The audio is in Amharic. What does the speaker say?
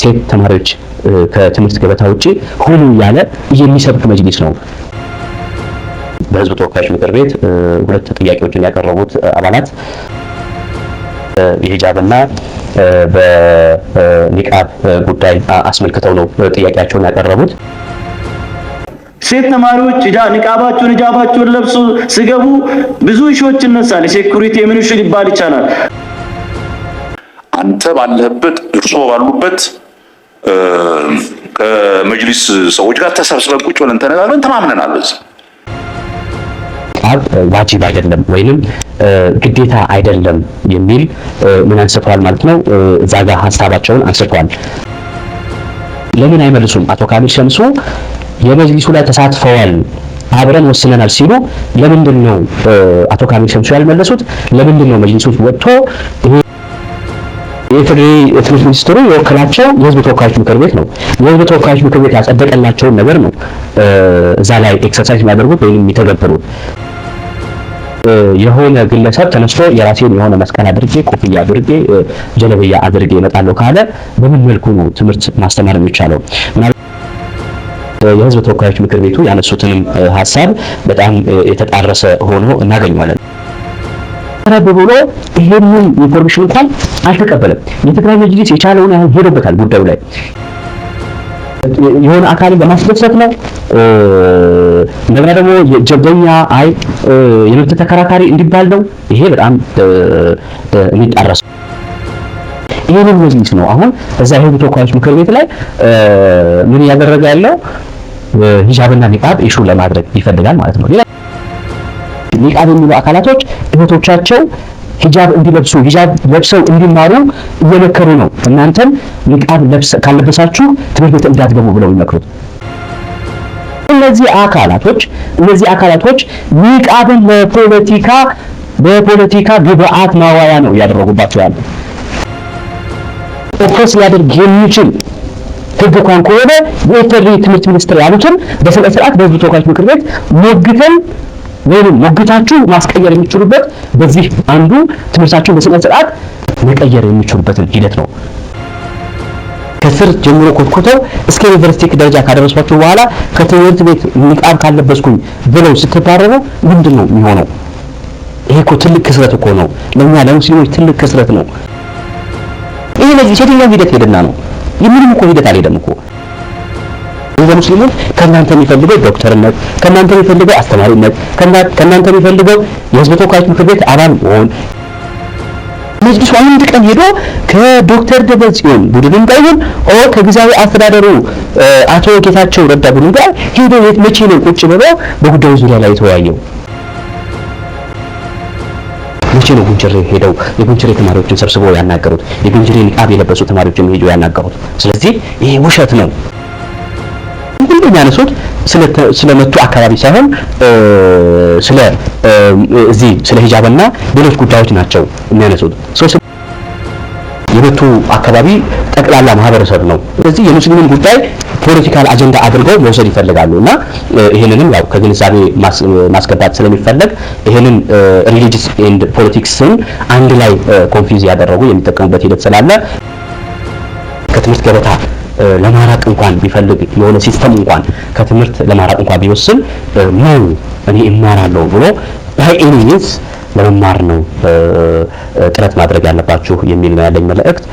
ሴት ተማሪዎች ከትምህርት ገበታ ውጪ ሁሉ ያለ የሚሰብክ መጅሊስ ነው። በህዝብ ተወካዮች ምክር ቤት ሁለት ጥያቄዎችን ያቀረቡት አባላት የሂጃብና በኒቃብ ጉዳይ አስመልክተው ነው ጥያቄያቸውን ያቀረቡት። ሴት ተማሪዎች ኒቃባቸውን ሂጃባቸውን ለብሶ ስገቡ ብዙ እሾች ይነሳል። የሴኩሪቲ የምን ሺ ሊባል ይቻላል። አንተ ባለህበት እርሶ ባሉበት ከመጅሊስ ሰዎች ጋር ተሰብስበን ቁጭ ብለን ተነጋግረን ተማምነናል። በዚህ ዋጅብ አይደለም ወይንም ግዴታ አይደለም የሚል ምን አንስተዋል ማለት ነው። እዛ ጋር ሀሳባቸውን አንስተዋል። ለምን አይመልሱም? አቶ ካሚል ሸምሶ የመጅሊሱ ላይ ተሳትፈዋል አብረን ወስነናል ሲሉ ለምንድን ነው አቶ ካሚል ሸምሶ ያልመለሱት? ለምንድን ነው መጅሊሱ ወጥቶ የኢፌዴሪ የትምህርት ሚኒስትሩ የወከላቸው የህዝብ ተወካዮች ምክር ቤት ነው። የህዝብ ተወካዮች ምክር ቤት ያጸደቀላቸውን ነገር ነው እዛ ላይ ኤክሰርሳይዝ የሚያደርጉት ወይም የሚተገብሩት። የሆነ ግለሰብ ተነስቶ የራሴን የሆነ መስቀል አድርጌ ኮፍያ አድርጌ ጀለብያ አድርጌ እመጣለሁ ካለ በምን መልኩ ነው ትምህርት ማስተማር የሚቻለው? የህዝብ ተወካዮች ምክር ቤቱ ያነሱትንም ሀሳብ በጣም የተጣረሰ ሆኖ እናገኘዋለን። ተረብ ብሎ ይሄንን ኢንፎርሜሽን እንኳን አልተቀበለም። የትግራይ መጅሊስ የቻለውን ያህል ሄዶበታል ጉዳዩ ላይ የሆነ አካልን በማስደሰት ነው። እንደገና ደግሞ የጀብደኛ አይ የመብት ተከራካሪ እንዲባል ነው። ይሄ በጣም የሚጣረስ ይህንን መጅሊስ ነው አሁን እዛ የህዝብ ተወካዮች ምክር ቤት ላይ ምን እያደረገ ያለው ሂጃብና ኒቃብ ኢሹ ለማድረግ ይፈልጋል ማለት ነው። ሌላ ኒቃብ የሚሉ አካላቶች እህቶቻቸው ሂጃብ እንዲለብሱ ሂጃብ ለብሰው እንዲማሩ እየመከሩ ነው። እናንተም ኒቃብ ካለበሳችሁ ትምህርት ቤት እንዳትገቡ ብለው ይመክሩት። እነዚህ አካላቶች እነዚህ አካላቶች ኒቃብን ለፖለቲካ በፖለቲካ ግብአት ማዋያ ነው እያደረጉባቸው ያለ ኦፖስ ሊያደርግ የሚችል ህግ እንኳን ከሆነ የኢፌዴሪ ትምህርት ሚኒስትር ያሉትን በስነ ስርዓት በህዝብ ተወካዮች ምክር ቤት ሞግተን ወይም ሙግታችሁ ማስቀየር የሚችሉበት በዚህ አንዱ ትምህርታችሁን በስነ ስርዓት መቀየር የሚችሉበትን ሂደት ነው። ከስር ጀምሮ ኮትኮተው እስከ ዩኒቨርሲቲ ደረጃ ካደረሷችሁ በኋላ ከትምህርት ቤት ንቃብ ካለበስኩኝ ብለው ስትባረሩ ምንድን ነው የሚሆነው? ይሄ እኮ ትልቅ ክስረት እኮ ነው። ለኛ ለሙስሊሞች ትልቅ ክስረት ነው። ይሄ ለዚህ ሴትኛው ሂደት ሄደና ነው። የምንም እኮ ሂደት አልሄደም እኮ እንደ ሙስሊሙን ከእናንተ የሚፈልገው ዶክተርነት፣ ከእናንተ የሚፈልገው አስተማሪነት፣ ከእናንተ የሚፈልገው የህዝብ ተወካዮች ምክር ቤት አባል መሆን መጅሊሱ አንድ ቀን ሄዶ ከዶክተር ደብረጽዮን ቡድንም ጋር ይሁን ኦ ከጊዜያዊ አስተዳደሩ አቶ ጌታቸው ረዳ ቡድን ጋር ሄዶ መቼ ነው ቁጭ ብለው በጉዳዩ ዙሪያ ላይ የተወያየው? መቼ ነው ጉንችሬ ሄደው የጉንችሬ ተማሪዎችን ሰብስበው ያናገሩት? የጉንችሬ ቃብ የለበሱ ተማሪዎችን ሄዶ ያናገሩት? ስለዚህ ይሄ ውሸት ነው። የሚያነሱት ስለመቱ አካባቢ ሳይሆን ስለ እዚህ ስለ ሂጃብና ሌሎች ጉዳዮች ናቸው የሚያነሱት። የመቱ አካባቢ ጠቅላላ ማህበረሰብ ነው። ስለዚህ የሙስሊሙን ጉዳይ ፖለቲካል አጀንዳ አድርገው መውሰድ ይፈልጋሉ እና ይሄንንም ያው ከግንዛቤ ማስገባት ስለሚፈለግ ይሄንን ሪሊጅስ ኤንድ ፖለቲክስን አንድ ላይ ኮንፊውዝ ያደረጉ የሚጠቀሙበት ሂደት ስላለ ከትምህርት ገበታ ለማራቅ እንኳን ቢፈልግ የሆነ ሲስተም እንኳን ከትምህርት ለማራቅ እንኳን ቢወስን ነው እኔ እማራለሁ ብሎ ባይ ለመማር ነው ጥረት ማድረግ ያለባችሁ የሚል ነው ያለኝ መልእክት።